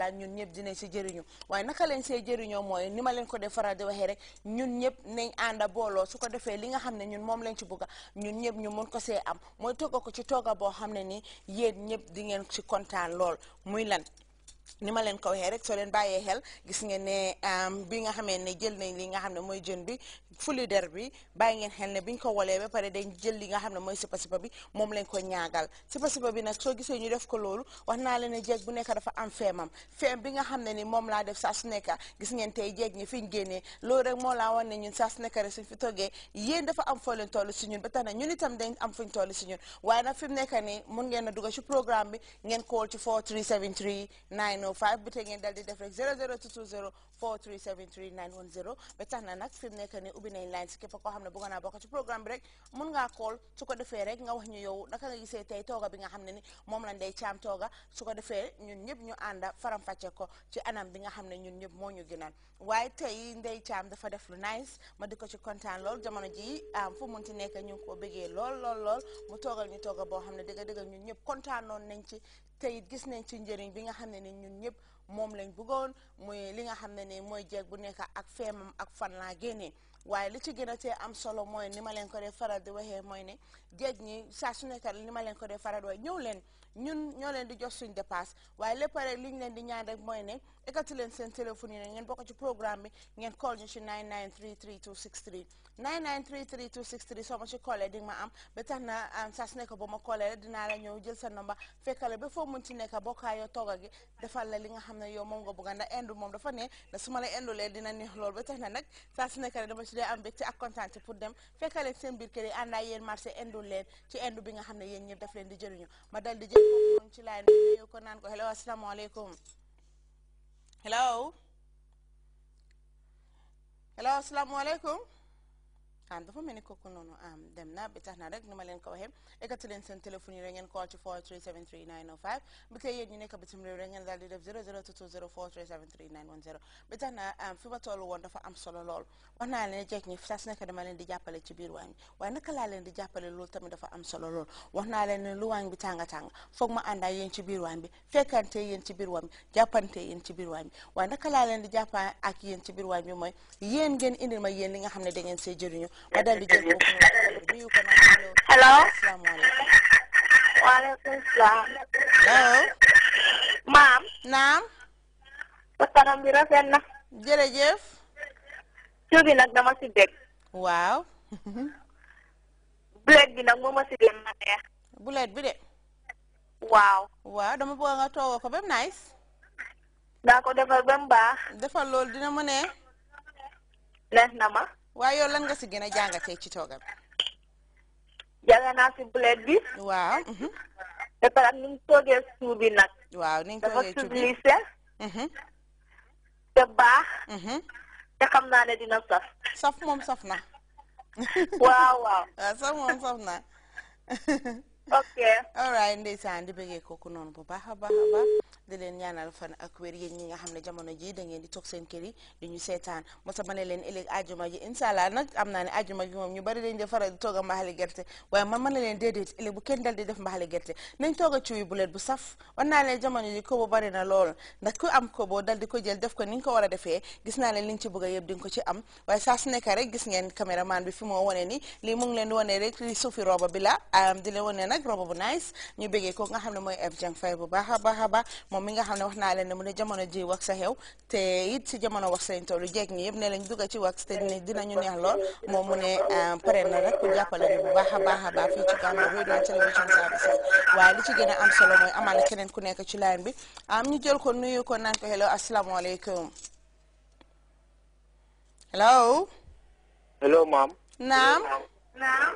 la ñun ñëpp dinañ si jëriñu waaye naka leen see jëriñoo mooy ni ma leen ko def di waxee rek ñun ñëpp nañ ànda booloo su ko defee li nga xam ne ñun moom lañ ci bugga ñun ñëpp ñu mun ko see am mooy togga ko ci togga boo xam ne nii yéen ñëpp di ngeen ci kontaan lool muy lan ni ma leen ko waxee rek soo leen bàyyee xel gis ngeen ne bi nga xamee ne jël nañ li nga xam ne mooy jën bi fuli der bi bàyyi ngeen xel ne biñ ko walee ba pare dañ jël li nga xam ne mooy sipa-sipa bi moom lañ ko ñaagal sipa-sipa bi nag soo gisee ñu def ko loolu wax naa leen ne jeeg bu nekk dafa am feemam feem bi nga xam ne ni moom laa def saa su nekk gis ngeen tey jeeg ñi ñu génnee loolu rek moo laa wan ne ñun saa su nekk rek suñ fi am foo leen toll si ñun ba tax na ñun itam dañ am fuñ toll si ñun waaye nag fi mu nekk nii mun ngeen a dugg ci bi ngeen call ci 4373 905 bu te ngeen dal di def rek 00220 437 3910 ba tax na nag fi mu nekk nii ubbi nañ line si képp koo xam ne bëgg naa bokk ci programme bi rek mun ngaa call su ko defee rek nga wax ñu yow naka nga gisee tey tooga bi nga xam ne ni moom la ndey caam tooga su ko defee ñun ñëpp ñu ànda faram-fàcce ko ci anam bi nga xam ne ñun ñëpp moo ñu gënal waaye tey ndey caam dafa def lu nice ma di ko ci kontaan lool jamono ji am ah, fu mun ti nekk ñu ngi ko bëggee lool lool lool mu toogal ñu tooga boo xam ne dëgg dëgg ñun ñëpp kontaanoon nañ ci te it gis nañ ci njëriñ bi nga xam ne ni ñun ñëpp moom lañ bëggoon muy li nga xam ne ni mooy jeeg bu nekk ak feemam ak fan laa génnee waaye li ci gën a tee am solo mooy ni ma leen ko dee faral di waxee mooy ne géej ñi saa su nekkal ni ma leen ko dee faral di waxee ñëw leen ñun ñoo leen di jox suñ dépasse waaye lépp rek li ñu leen di ñaan rek mooy ne ekkati leen seen téléphone yi ne ngeen bokk ci programme bi ngeen call ñu ci 9933263 9933263 soo ma ci callee di nga ma am ba tax na ah, saa su nekk ba ma callee rek dinaa la ñëw jël sa nomba fekkale ba foo mun ci nekk yoo tooga gi defal la li nga xam ne yow moom nga bëgg ndax indu moom dina neex lool ba tax na day am mbégte ak pour dem seen kër yi ànd ak yéen marché indul leen ci bi nga xam ne yéen ñëpp daf leen di jëriñu ma dal di jël moom ci laay nuyu ko naan ko hello asalaamaaleykum hello hello asalaamaaleykum and dafa mel ni kooku am dem na bi tax rek ni ma ko waxee eggati leen téléphone yi rek call ci 4373905 bi tey yéen ñu nekk bitim réew rek ngeen daal di def bi am um, fi ma dafa am solo lool wax naa leen ñi saa su dama leen di jàppale ci biir waañ bi naka laa leen di jàppale loolu tamit dafa am solo lool wax naa lu waañ bi tàng-tàng foog ma ànd yéen ci biir waañ bi fekkante yéen ci jàppante yéen ci naka di jàppa ak yéen ci bi yéen ngeen ma yéen li nga da ngeen madam bi jël foofu nuyu ko naan allo allo asalaamaaleykum waaleykum salaam allo maam naam sa kanam bi rafet na jërëjëf show bi nag dama si bég waaw bulet bi nag moo si gën a neex bulet bi de dama bëgg nga toogoo ko ba nice nah, daa ko defal ba mu baax defal loolu dina mu ne neex nah, waaye yow lan nga si gën a jàngatee ci tooga bi. jàng naa si bulet bi. waaw. te mhm. pare ni mu toogee suuf bi nag. waaw ni mu toogee suuf bi dafa sublissé. Mhm. te baax. Mhm. te xam naa ne dina saf. saf moom saf na. waaw waaw. saf moom saf na. ok alright ndeysaan di bëggee kooku noonu bu baax a baax a baax di leen ñaanal fan ak wér yéen ñi nga xam ne jamono ji da ngeen di toog seen kër di ñu seetaan mosa ma ne leen ëllëg ajuma ji incha allah nag am naa ne ajuma ji moom ñu bari dañ di faral di toog a mbaxali gerte waaye man man na leen déedéet bu kenn dal di def mbaxali gerte nañ toog a bu saf war naa leen jamono ji kobo bari na lool ndax ku am kobo dal di ko jël def ko ni ko war a defee gis naa leen liñ ci bëgg a di ko ci am waaye saa su nekk rek gis ngeen ni lii mu ngi leen wone rek li suufi rooba bi nag roba bu nice ñu bëggee ko nga xam ne mooy Eb Jeng bu baax a baax a moom mi nga xam ne wax naa leen ne mu ne jamono ji wax sa xew te it ci jamono wax seen toolu jeeg ñi yëpp ne lañ dugg ci wax te dinañu neex lool moom mu ne euh, jàppale bu baax a baax a baax fii ci Gambia Radio and Television Services waaye a mooy amal keneen ku nekk ci line bi am ñu jël ko nuyu ko naan ko hello asalaamaaleykum hello hello maam naam naam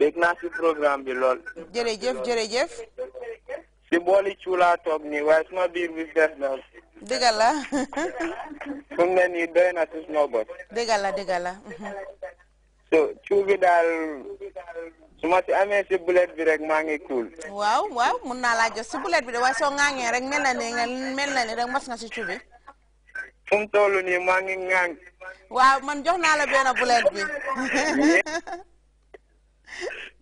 bég naa si programme bi lool. jërëjëf jërëjëf. si booli cuulaa toog nii waaye suma biir bi fees na. dëgg la. fu mu ne nii doy na si suma la la. so cuu bi daal su ma si amee si bulet bi rek maa ngi kuul. waaw waaw mun naa laa si bulet bi de waaye soo ŋaaŋee rek mel na ni mel na ni rek mos nga si cuu bi. fu mu toll nii maa ngi ŋaaŋ. waaw man jox naa la benn bi.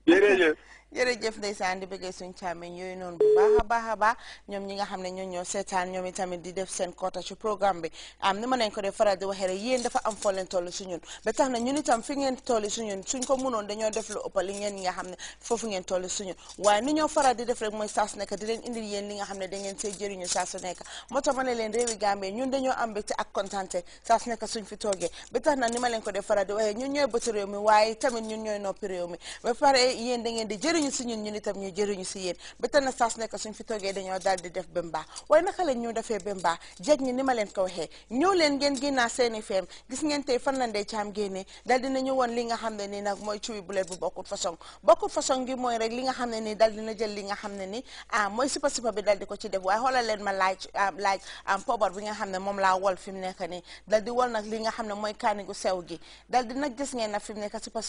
yeah. jërëjëf ndeysaan di bëggee suñ càmmiñ yooyu noonu bu baax a baax a baax ñoom ñi nga xam ne ñoo ñoo seetaan ñoom itamit di def seen quota ci programme bi am ni ma nañ ko def faral di waxee rek yéen dafa am foo leen toll suñun ba tax na ñun itam fi ngeen toll suñun suñ ko mënoon dañoo def lu ëppali ngeen ñi nga xam ne foofu ngeen toll suñun waaye ni ñoo faral di def rek mooy saa nekk di leen indil yéen li nga xam ne da ngeen see jëriñu saa nekk moo tax ma ne leen réewi Gambie ñun dañoo am mbégte ak kontante saa nekk suñ fi toogee ba tax na ni ma leen ko def faral di waxee ñun ñooy bëtu réew mi waaye tamit ñun ñooy noppi réew mi ba pare yéen da ngeen di jëriñ jëriñu si ñun ñun itam ñu jëriñu si yéen ba na saas nekk suñ fi toogee dañoo daal def ba mbaax waaye naka lañ ñu defee ba mbaax jeeg ñi ni ma leen ko waxee ñëw leen ngeen génnaa seeni feem gis ngeen tey fan lañ dee caam génnee daal dina ñu li nga xam ne nii nag mooy cuwi bulet bu bokkut façon bokkut façon gi mooy li nga xam ne nii daal dina jël li nga xam ne ni ah mooy sipa sipa bi daal ko ci def waaye xoolal leen ma laaj ah, laaj ah, bi nga xam ne moom laa wol fi mu nekk nii daal wol nag li nga xam ne mooy kaani gu sew gi daal di nag gis ngeen nag fi mu nekk sipa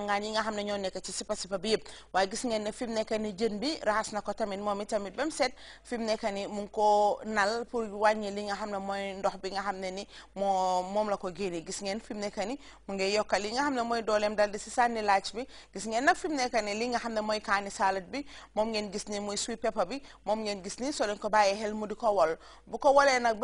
ñàngaan yi nga xam ne ñoo nekk ci sipa sipa bi yëpp waaye gis ngeen ne fi mu nekk ni jën bi raxas na ko tamit moom itamit ba mu set fi mu ni moom la ko génnee li nga xam ne mooy dooleem dal di si ni li ko bàyyee xel mu di ko wol bu ko li nga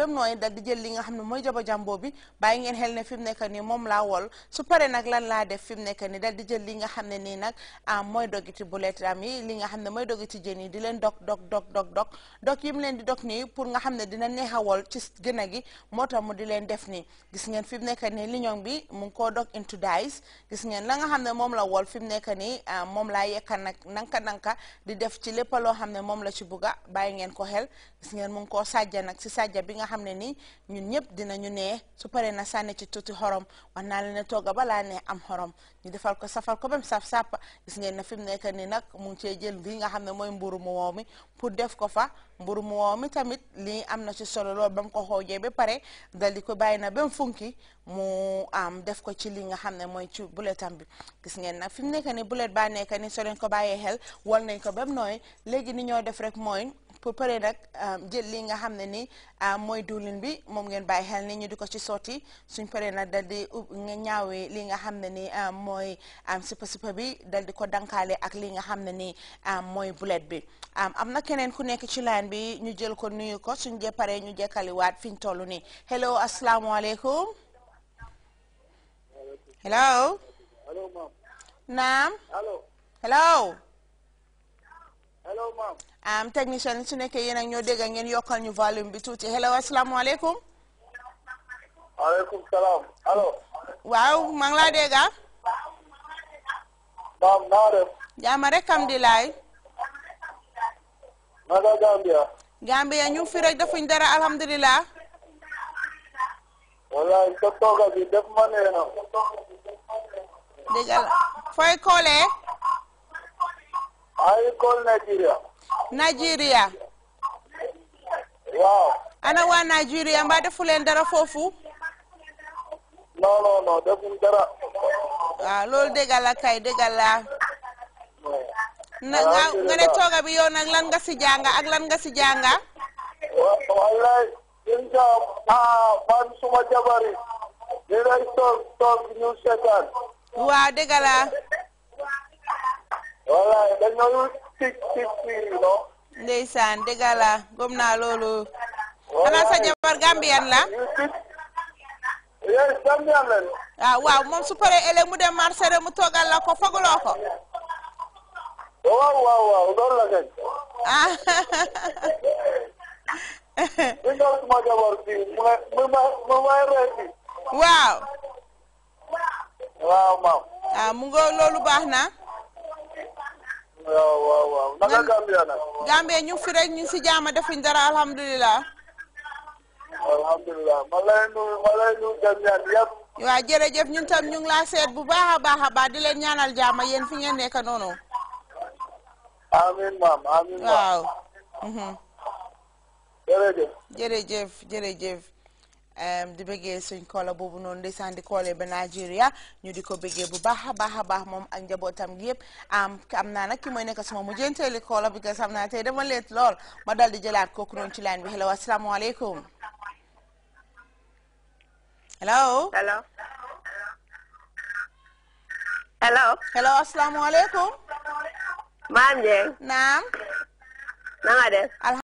xam ne mooy jaba jàmboo bi bàyyi ngeen xel ne fi mu laa wol su pare nag lan laa def fi mu ni dal di jël li nga xam ne nii nag ah, mooy dogiti bulet ram yi li nga xam ne mooy dogiti jën yi di leen dog dog dog dog dog dog yi mu leen di dog nii pour nga xam ne dina neexawal ci gën a gi moo tax mu di leen def nii gis ngeen fi mu nekk nii liñoŋ bi mu ngi koo dog into dice gis ngeen la nga xam ne moom la wol fi mu nekk nii ah, moom laa yekka nag nanka nanka di def ci lépp loo xam ne moom la ci bugga bàyyi ngeen ko xel gis ngeen mu ngi koo sàjja nag si sàjja bi nga xam ne nii ñun ñëpp dinañu nee su paree na sànni ci tuuti xorom wax naa leen ne togga balaa ne am xorom ñu defal ko safal ko ba mu saf gis ngeen na fi mu nekk nii nag mu cee jël lii nga xam ne mooy mburu mu woow mi pour def ko fa mburu mu woow mi tamit lii am na ci solo lool ba mu ko xoojee ba pare dal di ko bàyyi na ba funki mu am def ko ci li nga xam ne mooy ci buletam bi gis ngeen nag fi mu nekk nii bulet baa nekk nii soo ko bàyyee xel wal nañ ko bem nooy léegi ni ñoo def rek mooy pour pare nag euh, jël li nga xam ne ni euh, mooy diwlin bi moom ngeen bàyyi xel ni ñu di ko ci sotti suñ paree nag dal di nga ñaawee li nga xam ne ni euh, mooy sipa sipa bi dal di ko dankaale ak li nga xam ne ni mooy bulet bi am na keneen ku nekk ci line bi ñu jël ko nuyu ko suñ jee paree ñu jekkaliwaat fiñ toll nii hello asalaamaaleykum hello naam hello hello maam. am um, technicien su nekkee yéen ak ñoo dégg ngeen yokkal ñu volume bi tuuti hello asalaamaaleykum. waaleykum salaam allo. waaw laa dégg ah. maam naa def. jaama rek Gambia. ñu fi rek defuñ dara alhamdulilah. wallaay sa tooga bi def ma nee na. dégg la fooy I call Nigeria. Nigeria. waaw. ana Nigeria mbaa defu leen dara foofu. non non non defuñ dara. waaw loolu dégg la kay dégg la. na nga ne tooga bi yow nag lan nga si jànga ak man suma jabari. li lay toog toog ñu seetaan. waaw dégg la. wallaay dañoo tic tic fii non. jabar Gambian la. yes Gambian ah, moom su paree mu dem marché rek mu la ko fooguloo ko. waaw waaw waaw loolu ah. mu mu ma mu ah, na. waaw waaw waaw naka Gambia nag. Gambia ñu ngi fi rek si jaama defuñ dara alhamdulilah. alhamdulilah ma lay nuyu ma lay nuyu Gambian ñun tam ñu laa seet bu baax a baax di leen ñaanal jaama yéen fi ngeen nekk noonu. amiin maam amiin maam waaw. Mhm. jërëjëf jërëjëf jërëjëf. di bëggee suñ koola boobu noonu ndeysaan di koolee ba Nigeria ñu di ko bëggee bu baax a baax a baax moom ak njabootam gi yëpp am am naa na ki mooy nekk sama mujjanteeli koola bi nga xam naa tey dama leet lool ma dal di jëlaat kooku noonu ci line bi hello asalaamaaleykum hello hello hello hello asalaamaaleykum maam Dieng naam na nga